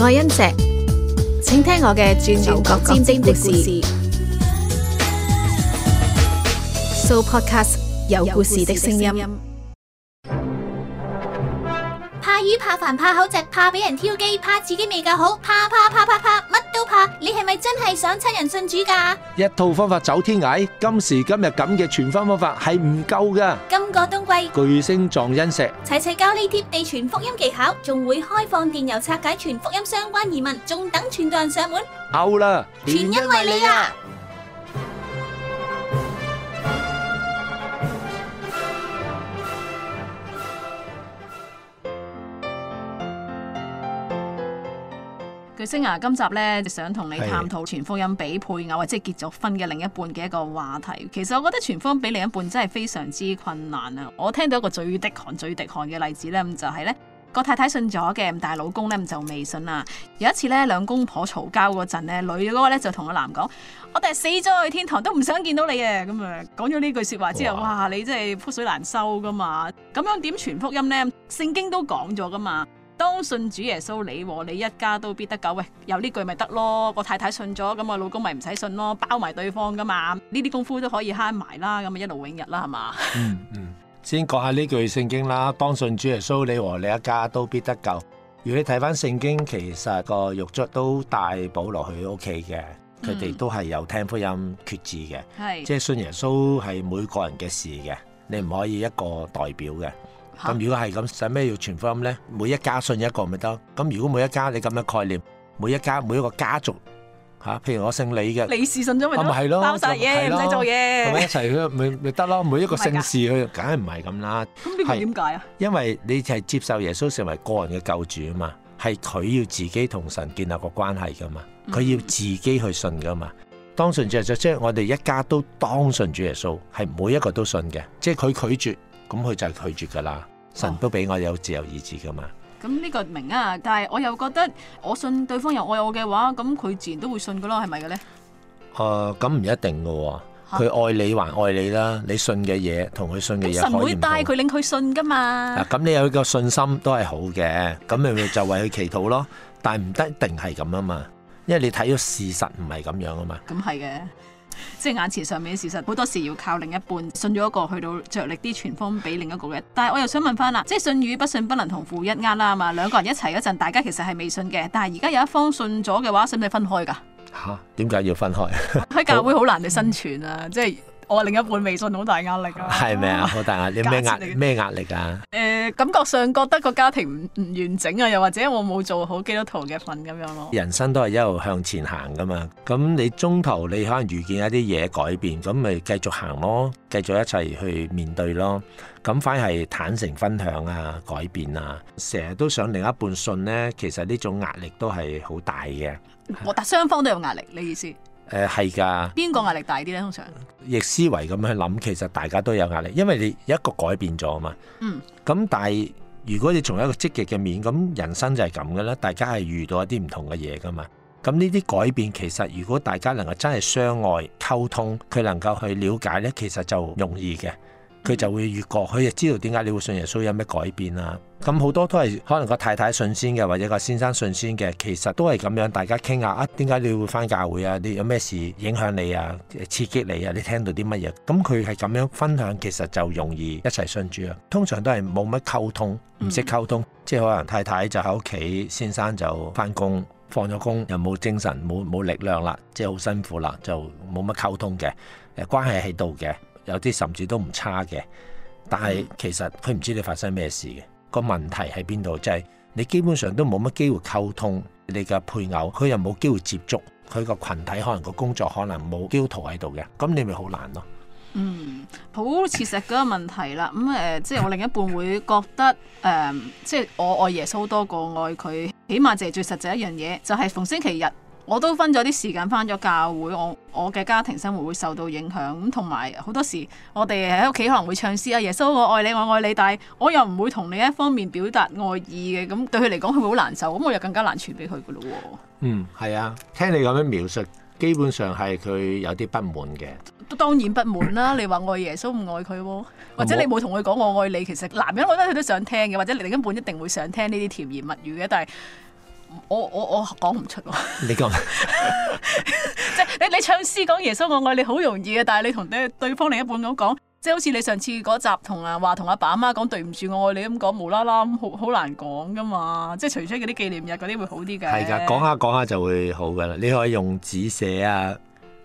愛恩石，請聽我嘅轉轉角尖尖的故事。So podcast 有故事的聲音。於怕煩怕口直，怕俾人挑機，怕自己未夠好，怕怕怕怕怕,怕，乜都怕。你係咪真係想親人信主噶？一套方法走天涯，今時今日咁嘅傳福音方法係唔夠噶。今個冬季巨星撞恩石，齊齊教呢貼地傳福音技巧，仲會開放電郵拆解傳福音相關疑問，仲等傳到人上門。歐啦了！全因為你啊！巨星啊，今集咧就想同你探討傳福音俾配偶或者結咗婚嘅另一半嘅一個話題。其實我覺得傳福音俾另一半真係非常之困難啊！我聽到一個最滴汗最滴汗嘅例子咧，咁就係、是、咧個太太信咗嘅，但係老公咧就未信啊。有一次咧，兩公婆嘈交嗰陣咧，女嗰個咧就同個男講，我哋死咗去天堂都唔想見到你啊！咁啊，講咗呢句說話之後，哇，哇，你真係覆水難收噶嘛！咁樣點傳福音咧？聖經都講咗噶嘛？當信主耶穌，你和你一家都必得救。喂，有呢句咪得咯？個太太信咗，咁我老公咪唔使信咯，包埋對方噶嘛？呢啲功夫都可以慳埋啦，咁啊一勞永逸啦，係嘛？嗯嗯，先講下呢句聖經啦。當信主耶穌，你和你一家都必得救。如果你睇翻聖經，其實個獄卒都帶保羅去屋企嘅，佢哋都係有聽福音、決志嘅。係，即係信耶穌係每個人嘅事嘅，你唔可以一個代表嘅。咁如果係咁使咩要傳福音咧？每一家信一個咪得？咁如果每一家你咁嘅概念，每一家每一個家族嚇，譬如我姓李嘅，李氏信咗咪得？包晒嘢，唔使做嘢，唔使做嘢，係咪一齊去咪咪得咯？每一個姓氏佢梗係唔係咁啦？咁邊個點解啊？因為你係接受耶穌成為個人嘅救主啊嘛，係佢要自己同神建立個關係噶嘛，佢要自己去信噶嘛。當信主耶穌，即係我哋一家都當信主耶穌，係每一個都信嘅，即係佢拒絕。咁佢就係拒絕噶啦，神都俾我有自由意志噶嘛。咁呢個明啊，但係我又覺得，我信對方又愛我嘅話，咁佢自然都會信噶咯，係咪嘅咧？誒，咁唔一定噶，佢愛你還愛你啦，你信嘅嘢同佢信嘅嘢，神會帶佢領佢信噶嘛。嗱，咁你有個信心都係好嘅，咁咪就為佢祈禱咯。但係唔得一定係咁啊嘛，因為你睇到事實唔係咁樣啊嘛。咁係嘅。即係眼前上面事實，好多時要靠另一半，信咗一個去到着力啲，全方位俾另一個嘅。但係我又想問翻啦，即係信與不信不能同負一軛啦嘛，兩個人一齊嗰陣，大家其實係未信嘅。但係而家有一方信咗嘅話，使唔使分開噶吓，點解要分開？喺 教會好難去生存啊，即係。我、哦、另一半未信好大壓力啊，係咪啊？好大壓力，咩壓咩 壓力啊？誒、呃，感覺上覺得個家庭唔唔完整啊，又或者我冇做好基督徒嘅份咁樣咯。人生都係一路向前行噶嘛，咁你中途你可能遇見一啲嘢改變，咁咪繼續行咯，繼續一齊去面對咯。咁反而係坦誠分享啊，改變啊，成日都想另一半信咧，其實呢種壓力都係好大嘅。我、哦、但雙方都有壓力，你意思？誒，係噶、呃。邊個壓力大啲呢？通常逆思維咁樣去諗，其實大家都有壓力，因為你一個改變咗啊嘛。嗯。咁但係如果你從一個積極嘅面，咁人生就係咁嘅啦。大家係遇到一啲唔同嘅嘢噶嘛。咁呢啲改變，其實如果大家能夠真係相愛、溝通，佢能夠去了解呢，其實就容易嘅。佢就會越過，佢就知道點解你會信耶穌有咩改變啦、啊。咁好多都係可能個太太信先嘅，或者個先生信先嘅，其實都係咁樣。大家傾下啊，點解你會翻教會啊？你有咩事影響你啊？刺激你啊？你聽到啲乜嘢？咁佢係咁樣分享，其實就容易一齊信主啊。通常都係冇乜溝通，唔識溝通，即係可能太太就喺屋企，先生就翻工，放咗工又冇精神，冇冇力量啦，即係好辛苦啦，就冇乜溝通嘅誒關係喺度嘅。有啲甚至都唔差嘅，但係其實佢唔知你發生咩事嘅，個問題喺邊度就係、是、你基本上都冇乜機會溝通你嘅配偶，佢又冇機會接觸佢個群體，可能個工作可能冇教徒喺度嘅，咁你咪好難咯、嗯。嗯，好切實嗰個問題啦。咁誒，即係我另一半會覺得誒、呃，即係我愛耶穌多過愛佢，起碼就係最實際一樣嘢，就係、是、逢星期日。我都分咗啲時間返咗教會，我我嘅家庭生活會受到影響，咁同埋好多時我哋喺屋企可能會唱詩啊，耶穌我愛你，我愛你，但係我又唔會同你一方面表達愛意嘅，咁對佢嚟講佢會好難受，咁我又更加難傳俾佢㗎喇喎。嗯，係啊，聽你咁樣描述，基本上係佢有啲不滿嘅。都都當然不滿啦，你話愛耶穌唔愛佢喎，或者你冇同佢講我愛你，其實男人我覺得佢都想聽嘅，或者你根本一定會想聽呢啲甜言蜜語嘅，但係。我我我講唔出，你講，即係你你唱詩講耶穌我愛你好容易嘅，但係你同對對方另一半咁講，即係好似你上次嗰集同啊話同阿爸阿媽講對唔住我愛你咁講，無啦啦好好難講噶嘛，即係除咗嗰啲紀念日嗰啲會好啲嘅，係噶，講下講下就會好噶啦，你可以用紙寫啊，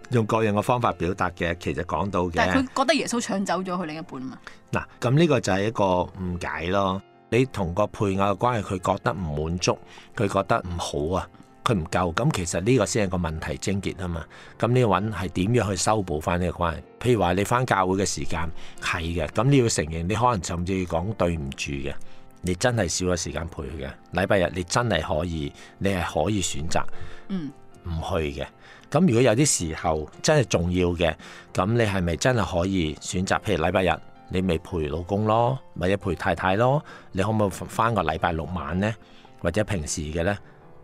用各樣嘅方法表達嘅，其實講到嘅，但係佢覺得耶穌搶走咗佢另一半嘛，嗱，咁呢個就係一個誤解咯。你同個配偶嘅關係，佢覺得唔滿足，佢覺得唔好啊，佢唔夠。咁其實呢個先係個問題症結啊嘛。咁你要揾係點樣去修補翻呢個關係？譬如話你翻教會嘅時間係嘅，咁你要承認你可能甚至要講對唔住嘅。你真係少咗時間陪佢嘅禮拜日，你真係可以，你係可以選擇唔去嘅。咁如果有啲時候真係重要嘅，咁你係咪真係可以選擇？譬如禮拜日。你咪陪老公咯，或者陪太太咯，你可唔可以翻個禮拜六晚呢？或者平時嘅呢？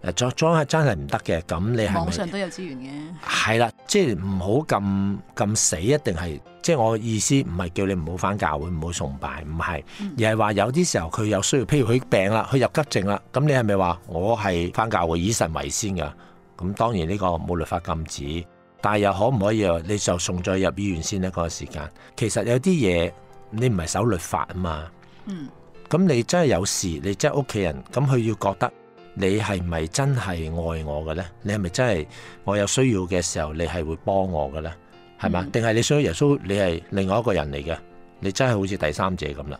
誒裝裝係真係唔得嘅，咁你係咪？網上都有資源嘅。係啦，即係唔好咁咁死，一定係即係我意思，唔係叫你唔好返教會，唔好崇拜，唔係，嗯、而係話有啲時候佢有需要，譬如佢病啦，佢入急症啦，咁你係咪話我係返教會以神為先嘅？咁當然呢個冇律法禁止，但係又可唔可以你就送咗入醫院先呢？嗰、嗰個時間。其實有啲嘢。你唔係守律法啊嘛，咁你真係有事，你即係屋企人，咁佢要覺得你係咪真係愛我嘅呢？你係咪真係我有需要嘅時候，你係會幫我嘅呢？係嘛？定係、嗯、你想耶穌？你係另外一個人嚟嘅，你真係好似第三者咁啦。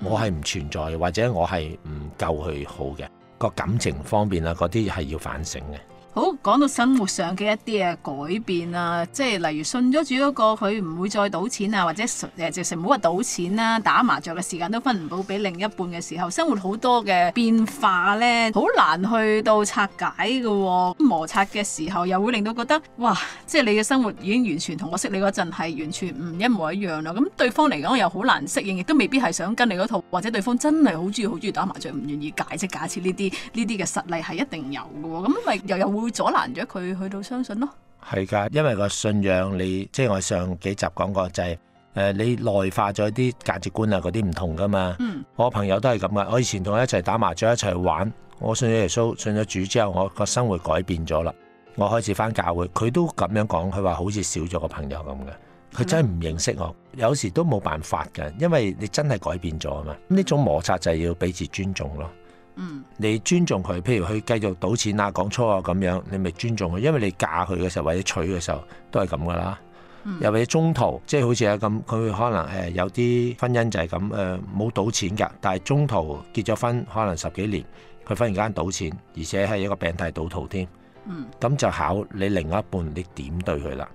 我係唔存在或者我係唔夠佢好嘅，個感情方面啊嗰啲係要反省嘅。好，講到生活上嘅一啲啊改變啊，即係例如信咗主嗰個佢唔會再賭錢啊，或者誒，直情冇話賭錢啦，打麻雀嘅時間都分唔到俾另一半嘅時候，生活好多嘅變化咧，好難去到拆解嘅喎、哦。摩擦嘅時候又會令到覺得，哇！即係你嘅生活已經完全同我識你嗰陣係完全唔一模一樣啦。咁對方嚟講又好難適應，亦都未必係想跟你嗰套，或者對方真係好中意好中意打麻雀，唔願意解釋。假設呢啲呢啲嘅實例係一定有嘅喎，咁咪又有。會阻攔咗佢去到相信咯，係噶，因為個信仰你，即係我上幾集講過，就係、是、誒、呃，你內化咗啲價值觀啊，嗰啲唔同噶嘛。嗯，我朋友都係咁噶，我以前同佢一齊打麻雀一齊玩，我信咗耶穌，信咗主之後，我個生活改變咗啦，我開始返教會，佢都咁樣講，佢話好似少咗個朋友咁嘅。佢真係唔認識我，嗯、有時都冇辦法噶，因為你真係改變咗啊嘛，呢、嗯、種摩擦就係要彼此尊重咯。嗯，你尊重佢，譬如佢繼續賭錢啊、講粗口啊咁樣，你咪尊重佢，因為你嫁佢嘅時候或者娶嘅時候都係咁噶啦。又或者中途，即係好似啊咁，佢可能誒、呃、有啲婚姻就係咁誒，冇、呃、賭錢㗎，但係中途結咗婚，可能十幾年，佢忽然間賭錢，而且係一個病態賭徒添。嗯，咁就考你另外一半，你點對佢啦？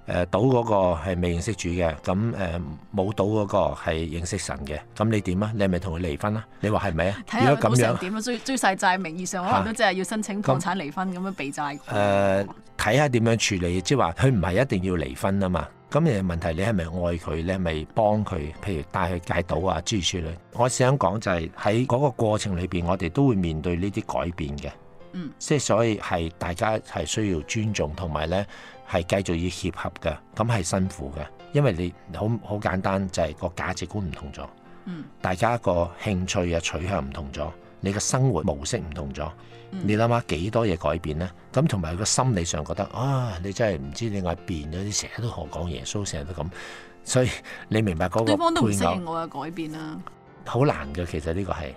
誒、呃、賭嗰個係未認識主嘅，咁誒冇賭嗰個係認識神嘅，咁你點啊？你係咪同佢離婚啊？你話係咪啊？如果咁樣點啊？追追曬債，名義上可能都即係要申請房產離婚咁、啊、樣避債。誒、呃，睇下點樣處理，即係話佢唔係一定要離婚啊嘛。咁誒問題是你是是，你係咪愛佢咧？你係咪幫佢？譬如帶佢戒賭啊、諸如此類。我想講就係喺嗰個過程裏邊，我哋都會面對呢啲改變嘅。即係、嗯、所以係大家係需要尊重同埋咧。係繼續要協合嘅，咁係辛苦嘅，因為你好好簡單就係、是、個價值觀唔同咗，嗯，大家個興趣啊取向唔同咗，你嘅生活模式唔同咗，嗯、你諗下幾多嘢改變咧？咁同埋個心理上覺得啊，你真係唔知你話變咗，你成日都學講耶穌，成日都咁，所以你明白嗰、那個對方都唔接受我嘅改變啦，好難嘅其實呢個係。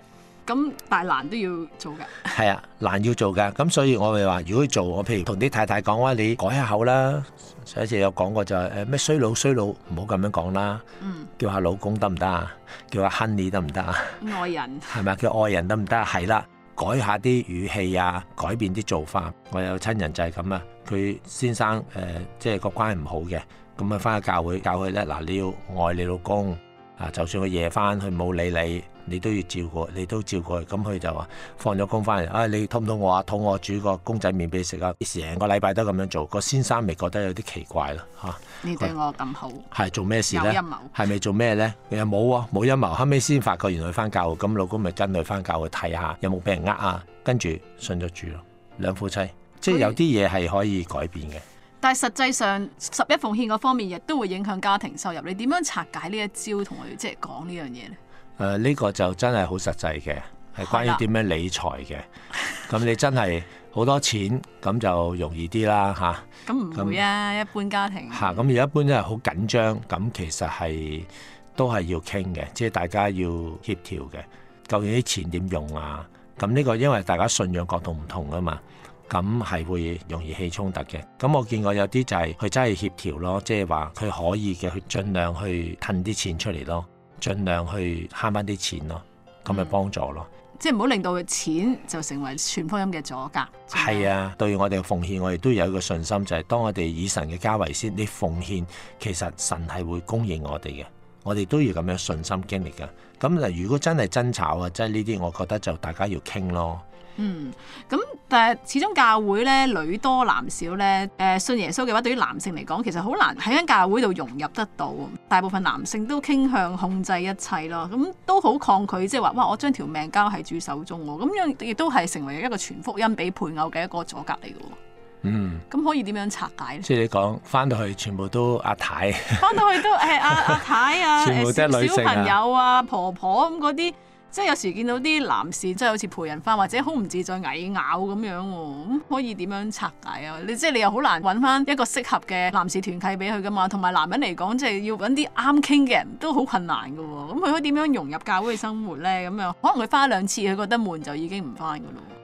咁大難都要做㗎，係啊難要做㗎，咁所以我咪話，如果做我譬如同啲太太講話，你改下口、就是、啦，上一次有講過就係誒咩衰佬衰佬，唔好咁樣講啦，嗯，叫下老公得唔得啊？叫下 honey 得唔得啊？愛人係咪叫愛人得唔得啊？係啦，改下啲語氣啊，改變啲做法。我有親人就係咁啦，佢先生誒、呃、即係個關係唔好嘅，咁啊翻去教會教佢咧，嗱你要愛你老公啊，就算佢夜翻去佢冇理你。你都要照顧，你都照顧佢，咁佢就話放咗工翻嚟，啊你肚唔肚餓啊，肚餓煮個公仔麵俾你食啊？成個禮拜都咁樣做，個先生咪覺得有啲奇怪咯嚇。啊、你對我咁好，係說做咩事咧？有陰謀係咪做咩呢？你又冇喎，冇陰謀。後尾先發覺原來佢翻教會，咁老公咪跟佢翻教會睇下有冇俾人呃啊，跟住信咗主咯。兩夫妻即係有啲嘢係可以改變嘅。以但係實際上十一奉獻嗰方面亦都會影響家庭收入。你點樣拆解呢一招同佢即係講呢樣嘢咧？誒呢、呃呢個就真係好實際嘅，係關於點樣理財嘅。咁 你真係好多錢，咁就容易啲啦嚇。咁、啊、唔會啊，啊一般家庭嚇。咁而、啊、一般真係好緊張，咁其實係都係要傾嘅，即係大家要協調嘅。究竟啲錢點用啊？咁呢個因為大家信仰角度唔同啊嘛，咁係會容易起衝突嘅。咁我見過有啲就係、是、佢真係協調咯，即係話佢可以嘅去盡量去褪啲錢出嚟咯。儘量去慳翻啲錢咯，咁咪幫助咯、嗯。即係唔好令到佢錢就成為傳福音嘅阻隔。係啊，對於我哋嘅奉獻，我哋都有一個信心，就係、是、當我哋以神嘅家為先，你奉獻其實神係會供應我哋嘅。我哋都要咁樣信心經歷㗎。咁嗱，如果真係爭吵啊，即係呢啲，我覺得就大家要傾咯。嗯，咁但係始終教會咧女多男少咧，誒信耶穌嘅話，對於男性嚟講，其實好難喺間教會度融入得到。大部分男性都傾向控制一切咯，咁都好抗拒，即係話哇，我將條命交喺主手中，咁樣亦都係成為一個傳福音俾配偶嘅一個阻隔嚟嘅。嗯、咁、嗯、可以點樣拆解咧？即係你講翻到去全部都阿太，翻到去都係阿阿太啊，全部都係女性啊，小朋友啊，婆婆咁嗰啲。即係有時見到啲男士，即係好似陪人翻或者好唔自在矮咬咁樣喎，咁可以點樣拆解啊？你即係你又好難揾翻一個適合嘅男士團契俾佢噶嘛，同埋男人嚟講，即係要揾啲啱傾嘅人都好困難噶喎，咁佢可以點樣融入教會嘅生活呢？咁樣可能佢翻一兩次，佢覺得悶就已經唔翻噶啦。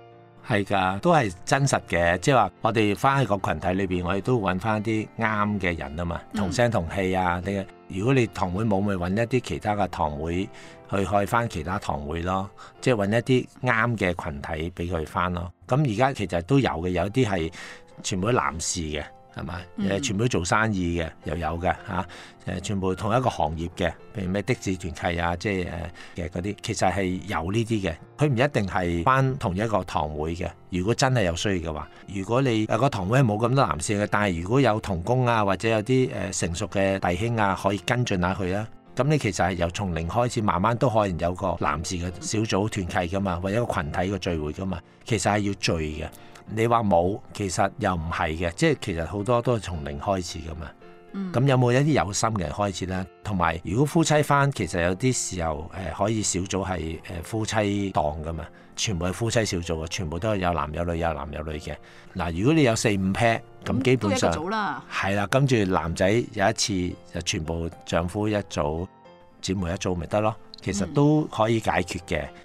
係噶，都係真實嘅，即係話我哋翻喺個群體裏邊，我哋都揾翻啲啱嘅人啊嘛，同聲同氣啊。你、嗯、如果你堂會冇，咪揾一啲其他嘅堂會去開翻其他堂會咯，即係揾一啲啱嘅群體俾佢翻咯。咁而家其實都有嘅，有啲係全部都男士嘅。係嘛？誒，全部都做生意嘅又有嘅嚇，誒、啊，全部同一個行業嘅，譬如咩的士團契啊，即係誒嘅嗰啲，其實係有呢啲嘅。佢唔一定係翻同一個堂會嘅。如果真係有需要嘅話，如果你、呃那個堂會冇咁多男士嘅，但係如果有同工啊，或者有啲誒、呃、成熟嘅弟兄啊，可以跟進下佢啦。咁你其實係由從零開始，慢慢都可能有個男士嘅小組團契㗎嘛，或者一個群體嘅聚會㗎嘛。其實係要聚嘅。你話冇，其實又唔係嘅，即係其實好多都係從零開始㗎嘛。咁、嗯、有冇一啲有心嘅人開始咧？同埋如果夫妻翻，其實有啲時候誒、呃、可以小組係誒、呃、夫妻檔㗎嘛，全部係夫妻小組啊，全部都係有男有女，有男有女嘅。嗱，如果你有四五 pair，咁、嗯、基本上，係啦、嗯，跟住男仔有一次就全部丈夫一組，姊妹一組，咪得咯。其實都可以解決嘅。嗯嗯。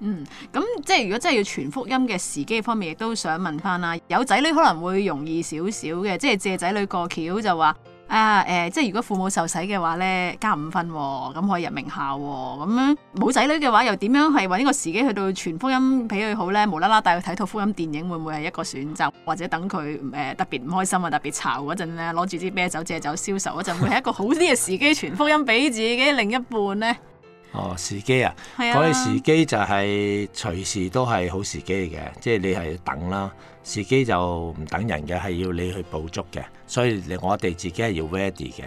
嗯，咁即係如果真係要傳福音嘅時機方面，亦都想問翻啦。有仔女可能會容易少少嘅，即係借仔女過橋就話，啊誒、呃，即係如果父母受洗嘅話咧，加五分、哦，咁可以入名校喎、哦。咁樣冇仔女嘅話，又點樣係搵呢個時機去到傳福音俾佢好咧？無啦啦帶佢睇套福音電影，會唔會係一個選擇？或者等佢誒特別唔開心啊，特別嘈嗰陣咧，攞住支啤酒借酒消愁嗰陣，會係一個好啲嘅時機傳福音俾自己另一半咧？哦，時機啊，講起時機就係隨時都係好時機嘅，即係你係等啦。時機就唔等人嘅，係要你去捕捉嘅，所以我哋自己係要 ready 嘅。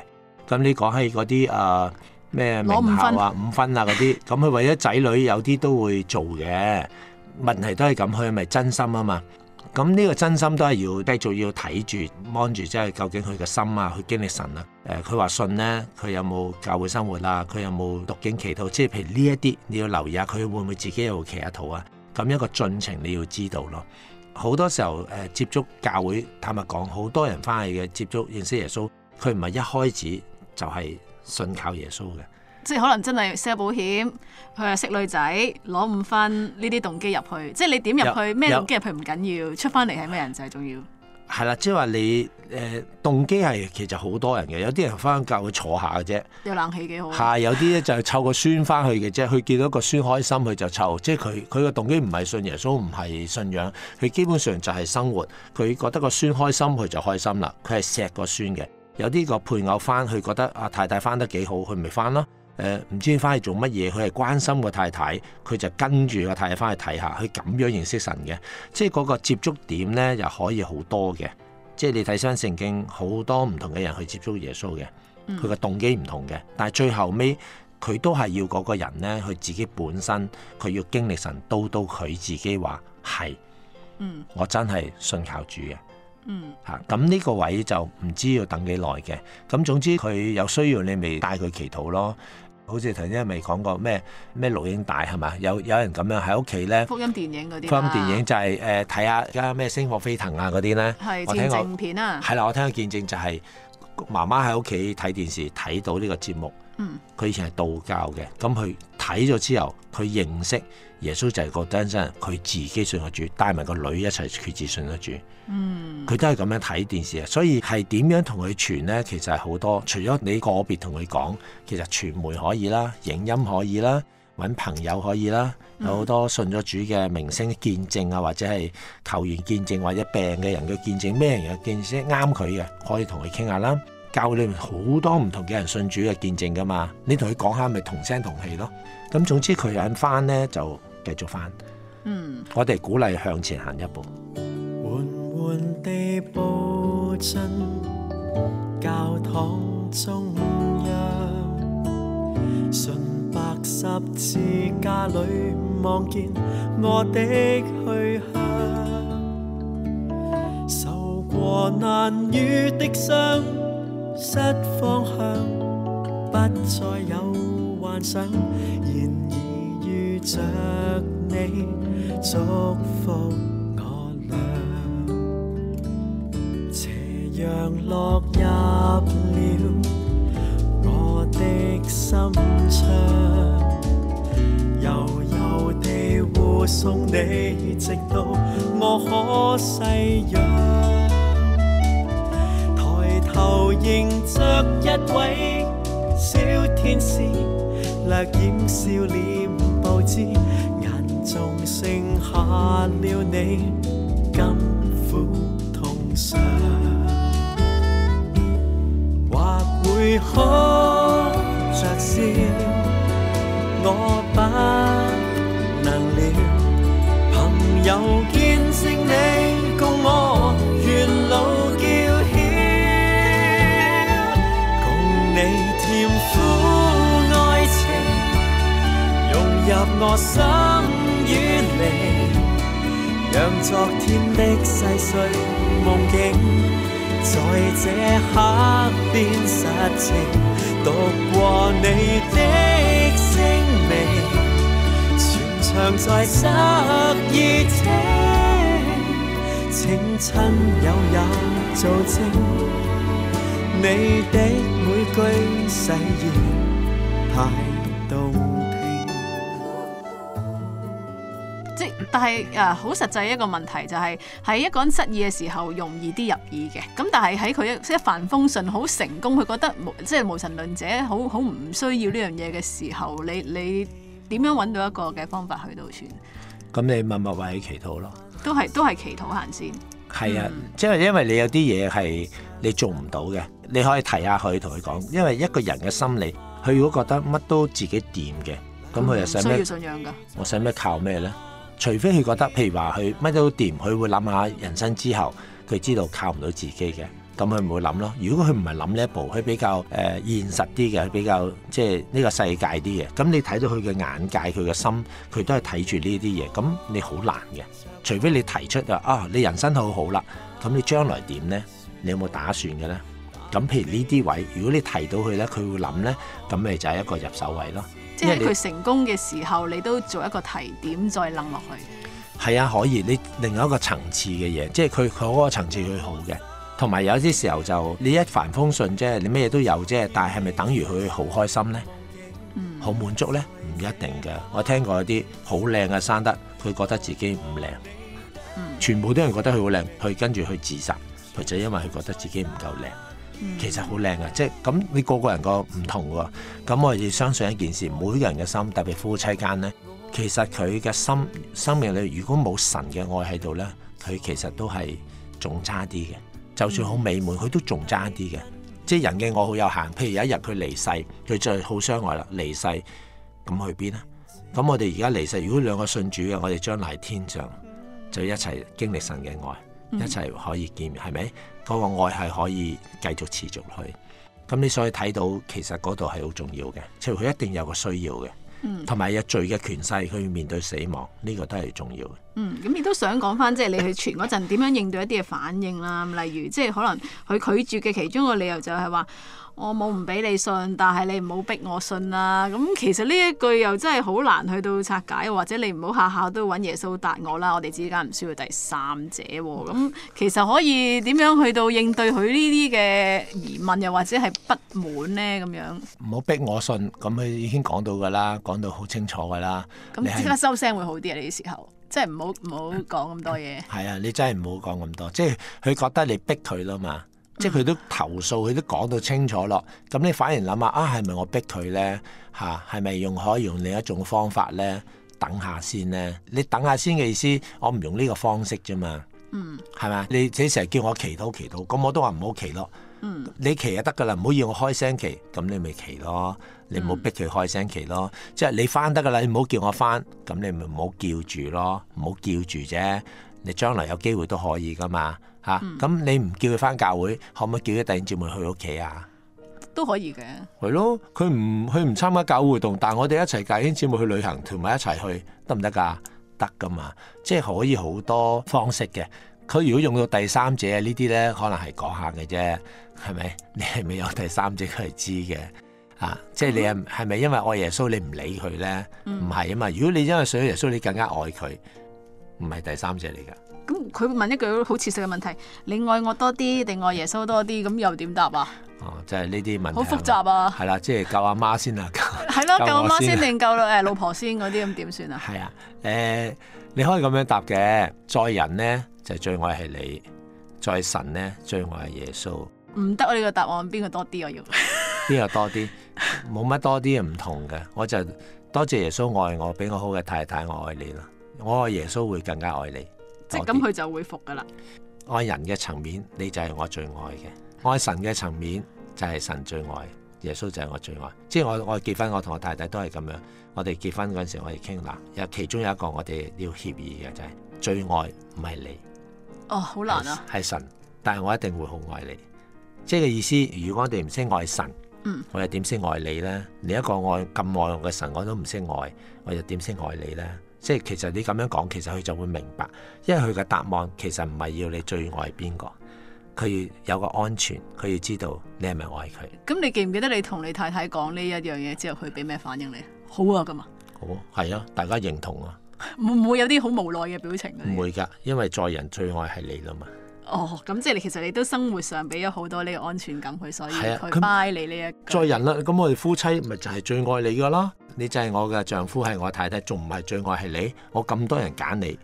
咁你講起嗰啲誒咩名校啊，啊、五分啊嗰啲，咁佢為咗仔女有啲都會做嘅，問題都係咁，佢係咪真心啊嘛。咁呢個真心都係要繼續要睇住、望住，即係究竟佢嘅心啊，佢經歷神啊，誒、呃，佢話信呢，佢有冇教會生活啊，佢有冇讀經祈禱，即係譬如呢一啲你要留意下，佢會唔會自己有祈禱啊？咁一個進程你要知道咯。好多時候誒、呃、接觸教會，坦白講，好多人翻去嘅接觸認識耶穌，佢唔係一開始就係信靠耶穌嘅。即係可能真係 sell 保險，佢又識女仔攞唔返呢啲動機入去，即係你點入去咩動機入去唔緊要，出翻嚟係咩人就係重要。係啦，即係話你誒、呃、動機係其實好多人嘅，有啲人翻教會坐下嘅啫，有冷氣幾好。係有啲咧就係湊個孫翻去嘅啫，佢見到個孫開心，佢就湊。即係佢佢個動機唔係信耶穌，唔係信仰，佢基本上就係生活。佢覺得個孫開心，佢就開心啦。佢係錫個孫嘅。有啲個配偶翻去覺得阿、啊、太、太太翻得幾好，佢咪翻咯。誒唔、呃、知翻去做乜嘢，佢係關心個太太，佢就跟住個太太翻去睇下，佢咁樣認識神嘅，即係嗰個接觸點咧又可以好多嘅，即係你睇翻聖經，好多唔同嘅人去接觸耶穌嘅，佢嘅動機唔同嘅，但係最後尾佢都係要嗰個人咧，佢自己本身佢要經歷神，到到佢自己話係，嗯，我真係信靠主嘅，嗯，嚇咁呢個位就唔知要等幾耐嘅，咁總之佢有需要你咪帶佢祈禱咯。好似頭先咪講過咩咩錄影帶係嘛？有有人咁樣喺屋企咧，福音電影嗰啲啊，福音電影就係誒睇下而家咩《星火飛騰》啊嗰啲咧，戰爭片啊，係啦，我聽見證就係媽媽喺屋企睇電視睇到呢個節目，嗯，佢以前係道教嘅，咁佢。睇咗之後，佢認識耶穌就係覺得真人，佢自己信得主，帶埋個女一齊佢自信得主。嗯，佢都係咁樣睇電視啊。所以係點樣同佢傳呢？其實係好多，除咗你個別同佢講，其實傳媒可以啦，影音可以啦，揾朋友可以啦，有好多信咗主嘅明星見證啊，或者係球員見證，或者病嘅人嘅見證，咩人嘅見證啱佢嘅，可以同佢傾下啦。教會裏面好多唔同嘅人信主嘅見證㗎嘛，你同佢講下咪同聲同氣咯。咁總之佢引翻呢就繼續翻。嗯，我哋鼓勵向前行一步。緩緩地步進教堂中央，純白十字架裏望見我的去向，受過難遇的傷。失方向，不再有幻想，然而遇着你，祝福我倆。斜陽落入了我的心窗，悠悠地護送你直到我可細一位小天使略掩笑臉，不知眼中剩下了你。心遠離，讓昨天的細碎夢境，在這刻變實情。讀過你的姓名，全場在失意聽，請親友也做證，你的每句誓言太。但係，誒好實際一個問題就係喺一個人失意嘅時候，容易啲入耳嘅。咁但係喺佢一帆風順、好成功，佢覺得即係無神論者，好好唔需要呢樣嘢嘅時候，你你點樣揾到一個嘅方法去到算？咁你默默為起祈禱咯，都係都係祈禱行先。係啊，即係因為你有啲嘢係你做唔到嘅，你可以提下佢，同佢講，因為一個人嘅心理，佢如果覺得乜都自己掂嘅，咁佢又使咩信仰？我使咩靠咩咧？除非佢覺得，譬如話佢乜都掂，佢會諗下人生之後，佢知道靠唔到自己嘅，咁佢唔會諗咯。如果佢唔係諗呢一步，佢比較誒、呃、現實啲嘅，比較即係呢個世界啲嘅，咁你睇到佢嘅眼界、佢嘅心，佢都係睇住呢啲嘢，咁你好難嘅。除非你提出就「啊，你人生好好啦，咁你將來點呢？你有冇打算嘅呢？」咁譬如呢啲位，如果你提到佢呢，佢會諗呢咁咪就係一個入手位咯。即係佢成功嘅時候，你，你都做一個提點，再擰落去。係啊，可以。你另外一個層次嘅嘢，即係佢佢嗰個層次佢好嘅，同埋有啲時候就你一帆風順啫，你乜嘢都有啫，但係咪等於佢好開心呢？嗯，好滿足呢？唔一定嘅。我聽過有啲好靚嘅生得，佢覺得自己唔靚。嗯，全部啲人覺得佢好靚，佢跟住去自殺，或者因為佢覺得自己唔夠靚。其實好靚呀，即係咁你個個人個唔同喎，咁我哋相信一件事，每個人嘅心，特別夫妻間咧，其實佢嘅心生命裏，如果冇神嘅愛喺度咧，佢其實都係仲差啲嘅。就算好美滿，佢都仲差啲嘅。即係人嘅愛好有限，譬如有一日佢離世，佢最好相愛啦，離世咁去邊啊？咁我哋而家離世，如果兩個信主嘅，我哋將來天上就一齊經歷神嘅愛，一齊可以見面，係咪？嗰個愛係可以繼續持續去，咁你所以睇到其實嗰度係好重要嘅，即係佢一定有個需要嘅，同埋有罪嘅權勢去面對死亡，呢個都係重要嘅。嗯，咁亦都想講翻，即係你去傳嗰陣點樣應對一啲嘅反應啦，例如即係可能佢拒絕嘅其中一個理由就係話。我冇唔俾你信，但係你唔好逼我信啦。咁其實呢一句又真係好難去到拆解，或者你唔好下下都揾耶穌答我啦。我哋之間唔需要第三者。咁、嗯、其實可以點樣去到應對佢呢啲嘅疑問，又或者係不滿呢？咁樣唔好逼我信，咁佢已經講到噶啦，講到好清楚噶啦。咁即刻收聲會好啲啊！你時候，即係唔好唔好講咁多嘢。係、嗯嗯、啊，你真係唔好講咁多，即係佢覺得你逼佢啦嘛。即係佢都投訴，佢都講到清楚咯。咁你反而諗下啊，係咪我逼佢咧？吓，係咪用可以用另一種方法咧？等下先咧。你等下先嘅意思，我唔用呢個方式啫嘛。嗯，係咪？你自己成日叫我祈禱祈禱，咁我都話唔好祈、嗯、咯。你祈就得噶啦，唔好要我開聲祈，咁你咪祈咯。嗯、你唔好逼佢開聲祈咯。即係你翻得噶啦，你唔好叫我翻，咁你咪唔好叫住咯，唔好叫住啫。你將來有機會都可以噶嘛。嚇，咁、啊、你唔叫佢翻教會，可唔可以叫佢弟兄姊妹去屋企啊？都可以嘅。係咯，佢唔佢唔參加教會活動，但係我哋一齊教弟兄姊妹去旅行，同埋一齊去，得唔得㗎？得噶嘛，即係可以好多方式嘅。佢如果用到第三者呢啲咧，可能係講下嘅啫，係咪？你係咪有第三者佢係知嘅？啊，即係你係係咪因為愛耶穌你唔理佢咧？唔係啊嘛，如果你因為信耶穌你更加愛佢，唔係第三者嚟㗎。咁佢問一句好切實嘅問題，你愛我多啲定愛耶穌多啲？咁又點答啊？哦，即係呢啲問題好複雜啊，係啦，即係救阿媽先啊。係咯，救阿媽 了先定救誒老婆先嗰啲咁點算啊？係啊，誒，你可以咁樣答嘅，再人呢，就係、最愛係你，再神呢，「最愛係耶穌。唔得你呢個答案邊個多啲？我要邊 個多啲？冇乜多啲唔同嘅，我就多謝耶穌愛我，俾我好嘅太太，我愛你啦。我愛耶穌會更加愛你。即咁，佢就會服噶啦。愛人嘅層面，你就係我最愛嘅；愛神嘅層面，就係神最愛，耶穌就係我最愛。即係我我結婚，我同我太太都係咁樣。我哋結婚嗰陣時我，我哋傾嗱，有其中有一個我哋要協議嘅就係、是、最愛唔係你。哦，好難啊！係神，但係我一定會好愛你。即係個意思，如果我哋唔識愛神，嗯、我又點識愛你呢？你一個我愛咁愛我嘅神，我都唔識愛，我又點識愛你呢？即係其實你咁樣講，其實佢就會明白，因為佢嘅答案其實唔係要你最愛邊個，佢要有個安全，佢要知道你係咪愛佢。咁你記唔記得你同你太太講呢一樣嘢之後，佢俾咩反應你？好啊，咁啊，好係啊，大家認同啊。會唔會有啲好無奈嘅表情、啊？唔會噶，因為在人最愛係你啦嘛。哦，咁即係其實你都生活上俾咗好多呢個安全感佢，所以佢 buy、啊、你呢一在人啦，咁我哋夫妻咪就係最愛你噶啦。你就係我嘅丈夫，係我太太，仲唔係最愛係你？我咁多人揀你，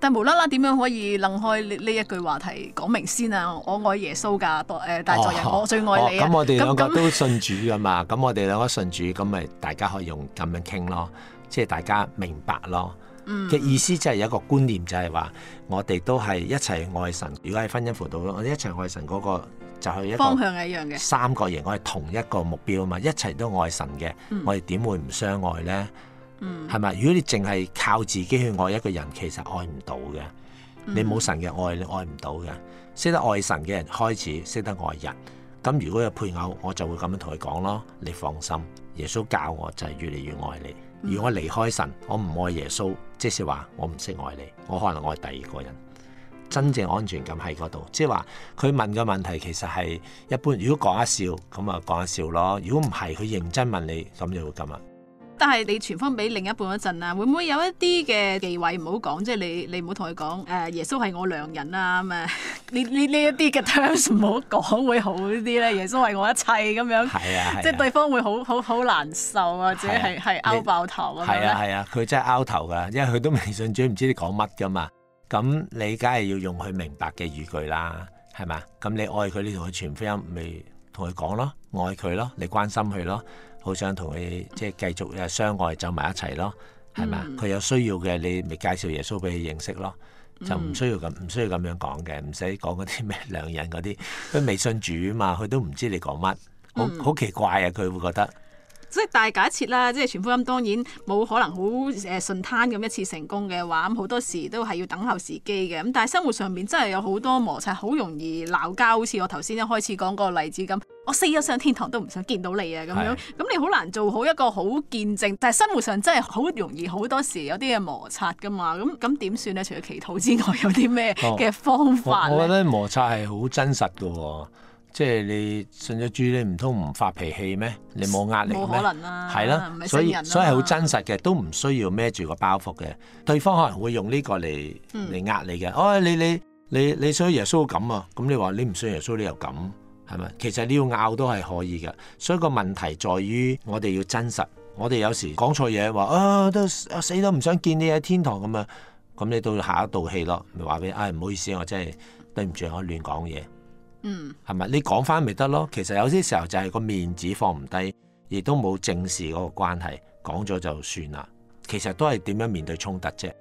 但係無啦啦點樣可以楞開呢？一句話題講明先啊！我愛耶穌噶，大誒大罪人，哦、我最愛你、啊。咁、哦哦、我哋兩個都信主噶嘛？咁我哋兩個信主，咁咪大家可以用咁樣傾咯，即係大家明白咯。嘅、嗯、意思即係有一個觀念就，就係話我哋都係一齊愛神。如果喺婚姻輔導，我哋一齊愛神嗰、嗰個。就係一個方向一樣嘅三角形，我係同一個目標啊嘛，一齊都愛神嘅，嗯、我哋點會唔相愛呢？係咪、嗯？如果你淨係靠自己去愛一個人，其實愛唔到嘅。你冇神嘅愛，你愛唔到嘅。識得愛神嘅人開始識得愛人。咁如果有配偶，我就會咁樣同佢講咯。你放心，耶穌教我就係越嚟越愛你。嗯、如果我離開神，我唔愛耶穌，即是話我唔識愛你。我可能愛第二個人。真正安全感喺嗰度，即係話佢問嘅問題其實係一般。如果講一笑咁啊，講一笑咯；如果唔係，佢認真問你，咁就會咁啦。但係你傳翻俾另一半嗰陣啊，會唔會有一啲嘅忌諱唔好講？即係你你唔好同佢講誒耶穌係我良人啊咁啊，呢呢呢一啲嘅 terms 唔好講會好啲咧。耶穌係我一切咁樣，啊啊、即係對方會好好好難受啊，或者係係拗爆頭啊。係啊係啊，佢、啊、真係拗頭㗎，因為佢都未信主，唔知你講乜㗎嘛。咁你梗係要用佢明白嘅語句啦，係嘛？咁你愛佢，你同佢傳福音，咪同佢講咯，愛佢咯，你關心佢咯，好想同佢即係繼續誒相愛，走埋一齊咯，係嘛？佢、嗯、有需要嘅，你咪介紹耶穌俾佢認識咯，就唔需要咁唔需要咁樣講嘅，唔使講嗰啲咩兩人嗰啲，佢未信主啊嘛，佢都唔知你講乜，好好奇怪啊，佢會覺得。即係大假設啦，即係傳福音當然冇可能好誒順攤咁一次成功嘅話，咁好多時都係要等候時機嘅。咁但係生活上面真係有好多摩擦，好容易鬧交，好似我頭先一開始講個例子咁。我死咗上天堂都唔想見到你啊咁樣。咁是你好難做好一個好見證，但係生活上真係好容易好多時有啲嘅摩擦噶嘛。咁咁點算咧？除咗祈禱之外，有啲咩嘅方法咧、哦、我，我覺得摩擦係好真實噶。即係你信咗主，你唔通唔發脾氣咩？你冇壓力咩？冇可能係，啊、啦，的啊、所以所以係好真實嘅，都唔需要孭住個包袱嘅。對方可能會用呢個嚟，嚟呃你嘅。哦、嗯，哎，你你你你信耶穌咁啊？咁、嗯、你話你唔信耶穌，你又咁係咪？其實你要拗都係可以嘅。所以個問題在於我哋要真實。我哋有時講錯嘢，話啊都死都唔想見你喺天堂咁啊！咁、嗯、你到下一道戲咯，咪話俾你，唉、哎、唔好意思，我真係對唔住，我亂講嘢。嗯，係咪？你講翻咪得咯？其實有啲時候就係個面子放唔低，亦都冇正視嗰個關係，講咗就算啦。其實都係點樣面對衝突啫？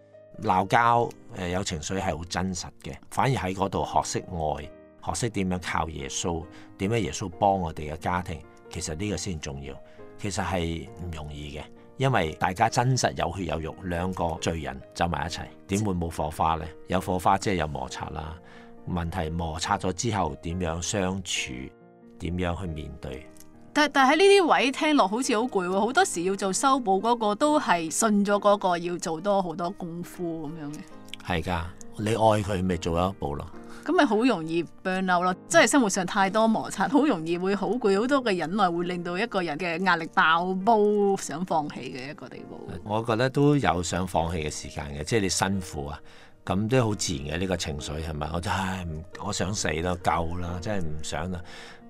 鬧交誒，有情緒係好真實嘅，反而喺嗰度學識愛，學識點樣靠耶穌，點樣耶穌幫我哋嘅家庭。其實呢個先重要。其實係唔容易嘅，因為大家真實有血有肉，兩個罪人走埋一齊，點會冇火花呢？有火花即係有摩擦啦。問題摩擦咗之後點樣相處？點樣去面對？但但喺呢啲位聽落好似好攰喎，好多時要做修補嗰個都係信咗嗰個，要做多好多功夫咁樣嘅。係㗎，你愛佢咪做一步咯？咁咪好容易 burn out 咯，即係生活上太多摩擦，好容易會好攰，好多嘅忍耐會令到一個人嘅壓力爆煲，想放棄嘅一個地步。我覺得都有想放棄嘅時間嘅，即係你辛苦啊。咁都好自然嘅呢，這個情緒係咪？我真係我想死咯，夠啦，真係唔想啦。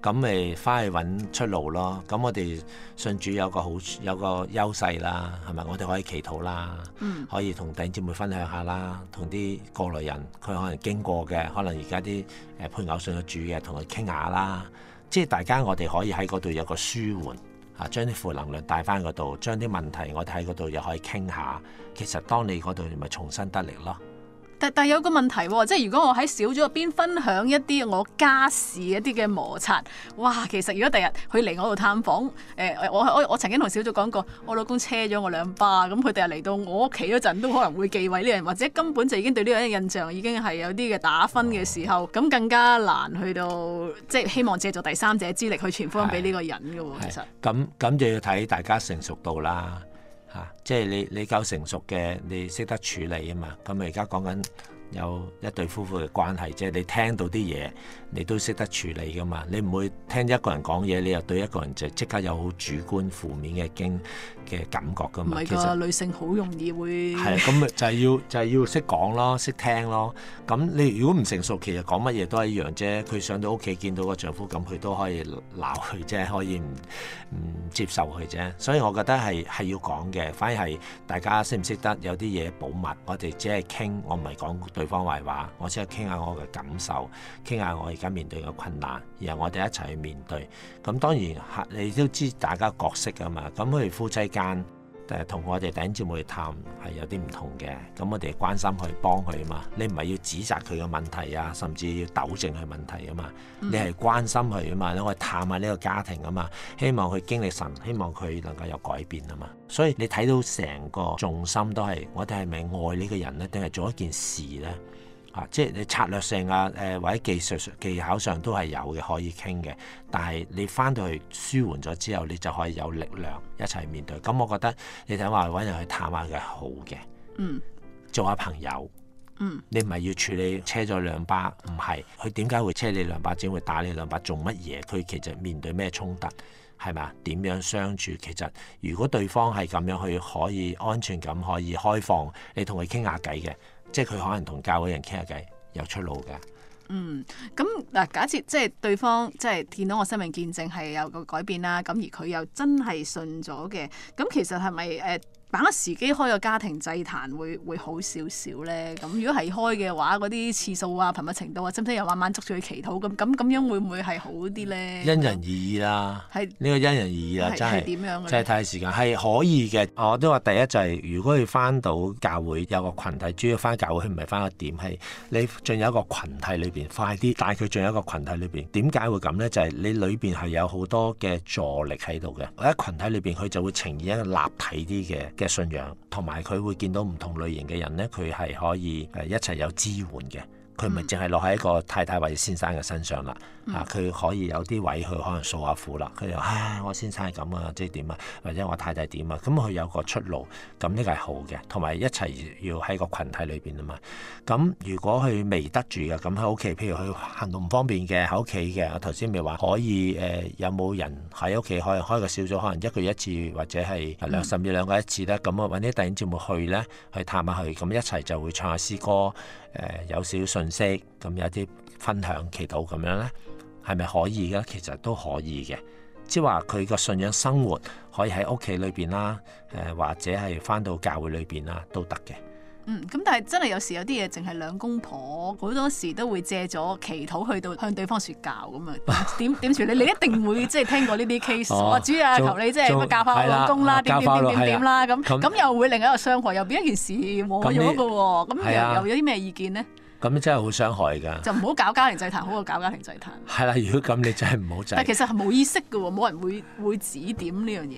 咁咪翻去揾出路咯。咁我哋信主有個好有個優勢啦，係咪？我哋可以祈禱啦，嗯、可以同弟姊妹分享下啦，同啲過來人佢可能經過嘅，可能而家啲誒配偶信咗主嘅，同佢傾下啦。即係大家我哋可以喺嗰度有個舒緩嚇，將啲負能量帶翻嗰度，將啲問題我哋喺嗰度又可以傾下。其實當你嗰度咪重新得力咯。但但有個問題喎，即係如果我喺小組入邊分享一啲我家事一啲嘅摩擦，哇，其實如果第日佢嚟我度探訪，誒、呃，我我，我曾經同小組講過，我老公車咗我兩巴，咁佢第日嚟到我屋企嗰陣都可能會忌諱呢人，或者根本就已經對呢個人嘅印象已經係有啲嘅打分嘅時候，咁、哦、更加難去到即係希望借助第三者之力去傳福音俾呢個人嘅喎，的其實。咁咁就要睇大家成熟度啦。啊、即係你你夠成熟嘅，你識得處理啊嘛。咁啊，而家講緊有一對夫婦嘅關係啫。即係你聽到啲嘢。你都識得處理噶嘛？你唔會聽一個人講嘢，你又對一個人就即刻有好主觀負面嘅經嘅感覺噶嘛？其實女性好容易會係咁啊！就係要就係要識講咯，識聽咯。咁你如果唔成熟，其實講乜嘢都係一樣啫。佢上到屋企見到個丈夫咁，佢都可以鬧佢啫，可以唔唔接受佢啫。所以我覺得係係要講嘅，反而係大家識唔識得有啲嘢保密，我哋只係傾，我唔係講對方壞話，我只係傾下我嘅感受，傾下我面對嘅困難，然後我哋一齊去面對。咁當然，你都知大家角色㗎嘛。咁佢哋夫妻間誒同我哋第一朝去探係有啲唔同嘅。咁我哋關心佢幫佢啊嘛。你唔係要指責佢嘅問題啊，甚至要糾正佢問題啊嘛。你係關心佢啊嘛，你可以探下呢個家庭啊嘛。希望佢經歷神，希望佢能夠有改變啊嘛。所以你睇到成個重心都係我哋係咪愛呢個人呢，定係做一件事呢？啊、即係你策略性啊，誒、呃，或者技術技巧上都係有嘅，可以傾嘅。但係你翻到去舒緩咗之後，你就可以有力量一齊面對。咁、嗯嗯、我覺得你睇下話揾人去探下佢係好嘅。做下朋友。你唔係要處理車咗兩巴，唔係佢點解會車你兩巴？只會打你兩巴，做乜嘢？佢其實面對咩衝突，係咪啊？點樣相處？其實如果對方係咁樣去，可以安全感，可以開放，你同佢傾下偈嘅。即係佢可能同教會人傾下偈，有出路㗎。嗯，咁嗱，假設即係對方即係見到我生命見證係有個改變啦，咁而佢又真係信咗嘅，咁其實係咪誒？呃揀個時機開個家庭祭壇會會好少少咧。咁如果係開嘅話，嗰啲次數啊、頻密程度啊，使唔使又慢慢捉住去祈禱咁？咁咁樣會唔會係好啲咧？因人而異啦、啊。係呢是是個因人而異啦、啊，是真係的。點樣？即係睇時間，係可以嘅。我都話第一就係、是，如果你翻到教會有個群體，主要翻教會佢唔係翻個點，係你進入一個群體裏邊快啲帶佢進入一個群體裏邊，點解會咁咧？就係、是、你裏邊係有好多嘅助力喺度嘅。或者群體裏邊，佢就會呈現一個立體啲嘅。信仰同埋佢會見到唔同類型嘅人咧，佢係可以誒一齊有支援嘅。佢唔係淨係落喺一個太太或者先生嘅身上啦，嗯、啊，佢可以有啲位去可能訴下苦啦。佢又唉，我先生係咁啊，即係點啊？或者我太太點啊？咁、嗯、佢有個出路，咁呢個係好嘅。同埋一齊要喺個群體裏邊啊嘛。咁如果佢未得住嘅，咁喺屋企，譬如佢行動唔方便嘅，喺屋企嘅，我頭先咪話可以誒、呃，有冇人喺屋企可以開個小組，可能一個月一次或者係兩甚至兩個一次咧。咁、嗯嗯、我揾啲第二節目去咧，去探下佢，咁一齊就會唱下詩歌。誒、呃、有少少信息，咁、呃、有啲分享祈禱咁樣呢，係咪可以嘅？其實都可以嘅，即係話佢個信仰生活可以喺屋企裏邊啦，誒、呃、或者係返到教會裏邊啦都得嘅。嗯，咁但係真係有時有啲嘢淨係兩公婆，好多時都會借咗祈禱去到向對方説教咁啊。點點處理你，你一定會即係聽過呢啲 case。我主啊，求你即係教翻我老公啦，點點點點點啦咁，咁又會另一個傷害，又變一件事和咗嘅喎。咁又有啲咩意見呢？咁真係好傷害㗎，就唔好搞家庭祭壇，好過搞家庭祭壇。係啦，如果咁你真係唔好。但其實係冇意識嘅喎，冇人會會指點呢樣嘢。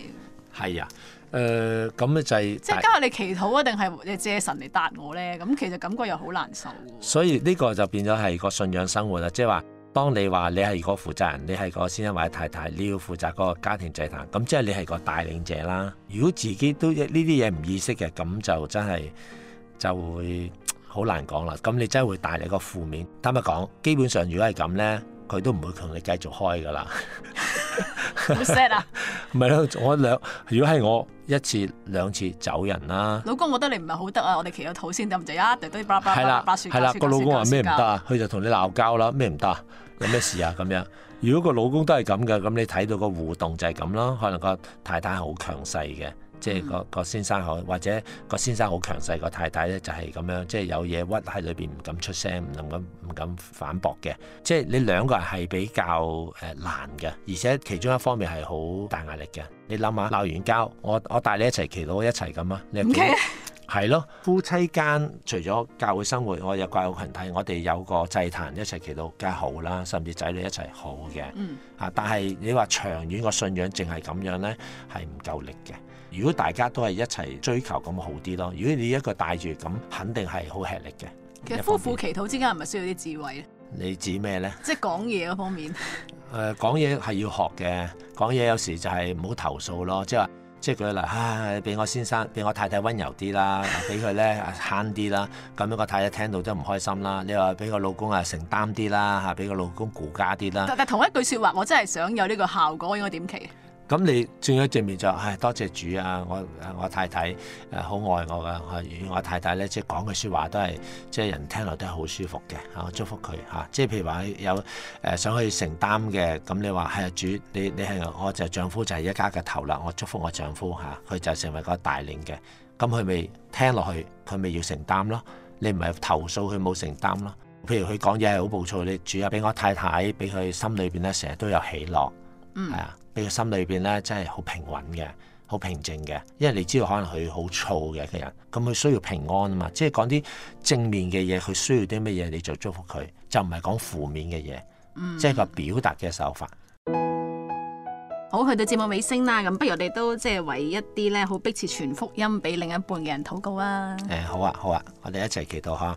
係啊。誒咁、呃、就係即係交下你祈禱啊，定係借神嚟答我呢？咁其實感覺又好難受啊。所以呢個就變咗係個信仰生活啦，即係話當你話你係個負責人，你係個先生或者太太，你要負責個家庭祭壇，咁即係你係個帶領者啦。如果自己都呢啲嘢唔意識嘅，咁就真係就會好難講啦。咁你真係會帶嚟個負面。坦白講，基本上如果係咁呢。佢都唔會同你繼續開噶啦，好 sad 啊！唔係啦，我兩，如果係我一次兩次走人啦。老公，我覺得你唔係好得啊，我哋企個肚先得，咁就一掉堆巴拉巴拉，係啦，係啦。個老公話咩唔得啊？佢就同你鬧交啦，咩唔得啊？有咩事啊？咁樣，如果個老公都係咁嘅，咁你睇到個互動就係咁咯。可能個太太係好強勢嘅。即係個個先生好，或者個先生好強勢，個太太咧就係咁樣，即係有嘢屈喺裏邊，唔敢出聲，唔敢唔敢反駁嘅。即係你兩個人係比較誒難嘅，而且其中一方面係好大壓力嘅。你諗下鬧完交，我我帶你一齊祈禱，一齊咁啊？唔嘅，係 Okay. 咯，夫妻間除咗教會生活，我有教會群體，我哋有個祭壇一齊祈禱梗係好啦，甚至仔女一齊好嘅。啊，但係你話長遠個信仰淨係咁樣咧，係唔夠力嘅。如果大家都係一齊追求咁好啲咯，如果你一個帶住咁，肯定係好吃力嘅。其實夫婦祈禱之間係咪需要啲智慧咧？你指咩咧？即係講嘢嗰方面。誒、呃，講嘢係要學嘅，講嘢有時就係唔好投訴咯，即係話，即係佢嗱，唉，俾我先生，俾我太太溫柔啲啦，俾佢咧慳啲啦，咁樣個太太聽到都唔開心啦。你話俾個老公啊，承擔啲啦，嚇俾個老公顧家啲啦。但同一句説話，我真係想有呢個效果，應該點祈？咁你轉咗正面就係、哎、多謝主啊！我我太太誒好愛我㗎，我太太咧、啊、即係講嘅説話都係即係人聽落都係好舒服嘅嚇，我祝福佢嚇、啊。即係譬如話有誒、呃、想去承擔嘅，咁你話係、哎、主，你你係我就丈夫就係一家嘅頭啦，我祝福我丈夫嚇，佢、啊、就成為個大領嘅。咁佢咪聽落去，佢咪要承擔咯。你唔係投訴佢冇承擔咯。譬如佢講嘢係好暴躁，你主啊，俾我太太俾佢心裏邊咧，成日都有喜樂。係、嗯、啊，你個心裏邊咧真係好平穩嘅，好平靜嘅，因為你知道可能佢好燥嘅嘅人，咁佢需要平安啊嘛。即係講啲正面嘅嘢，佢需要啲乜嘢，你就祝福佢，就唔係講負面嘅嘢，嗯、即係個表達嘅手法。好，去到節目尾聲啦，咁不如我哋都即係為一啲咧好逼切、傳福音俾另一半嘅人禱告啊。誒、嗯，好啊，好啊，我哋一齊祈禱下。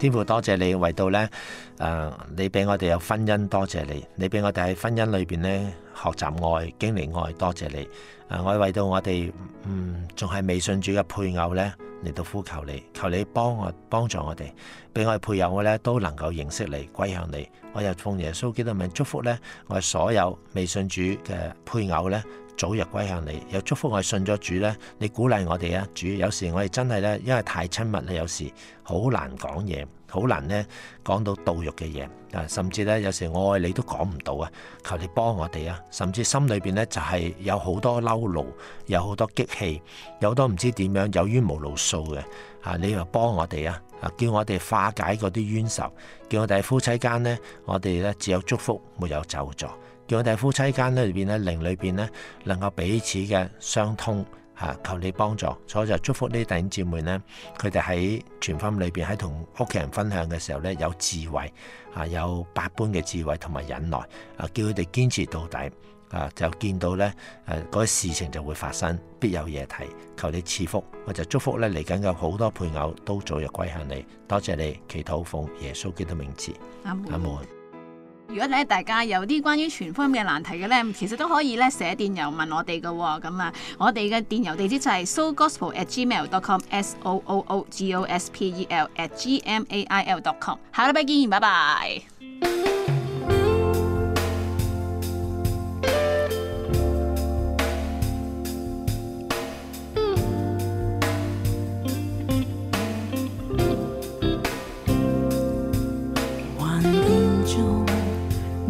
天父多謝你，為到咧誒，你俾我哋有婚姻，多謝你，你俾我哋喺婚姻裏邊咧學習愛，經歷愛，多謝你。誒，我為到我哋嗯仲係未信主嘅配偶咧嚟到呼求你，求你幫我幫助我哋，俾我哋配偶咧都能夠認識你，歸向你。我又奉耶穌基督名祝福咧，我哋所有未信主嘅配偶咧。早日歸向你，又祝福我信咗主咧，你鼓勵我哋啊，主。有時我哋真係咧，因為太親密咧，有時好難講嘢，好難咧講到度肉嘅嘢啊，甚至咧有時我愛你都講唔到啊，求你幫我哋啊，甚至心裏邊咧就係有好多嬲怒，有好多激氣，有好多唔知點樣有冤無路訴嘅啊，你又幫我哋啊，啊，叫我哋化解嗰啲冤仇，叫我哋夫妻間呢，我哋咧只有祝福沒有咒詛。叫我哋夫妻間裏邊咧，靈裏邊咧，能夠彼此嘅相通，啊，求你幫助。所以就祝福呢啲弟兄姊妹咧，佢哋喺傳福音裏邊喺同屋企人分享嘅時候咧，有智慧，啊，有百般嘅智慧同埋忍耐，啊，叫佢哋堅持到底，啊，就見到咧，誒，啲事情就會發生，必有嘢睇。求你賜福。我就祝福咧，嚟緊嘅好多配偶都早日歸向你。多謝你，祈禱奉耶穌基督名字。阿門。如果咧，大家有啲關於傳福音嘅難題嘅咧，其實都可以咧寫電郵問我哋㗎喎，咁啊，我哋嘅電郵地址就係 so gospel at gmail dot com s o o o g o s p e l at g m a i l dot com，下禮拜見，拜拜。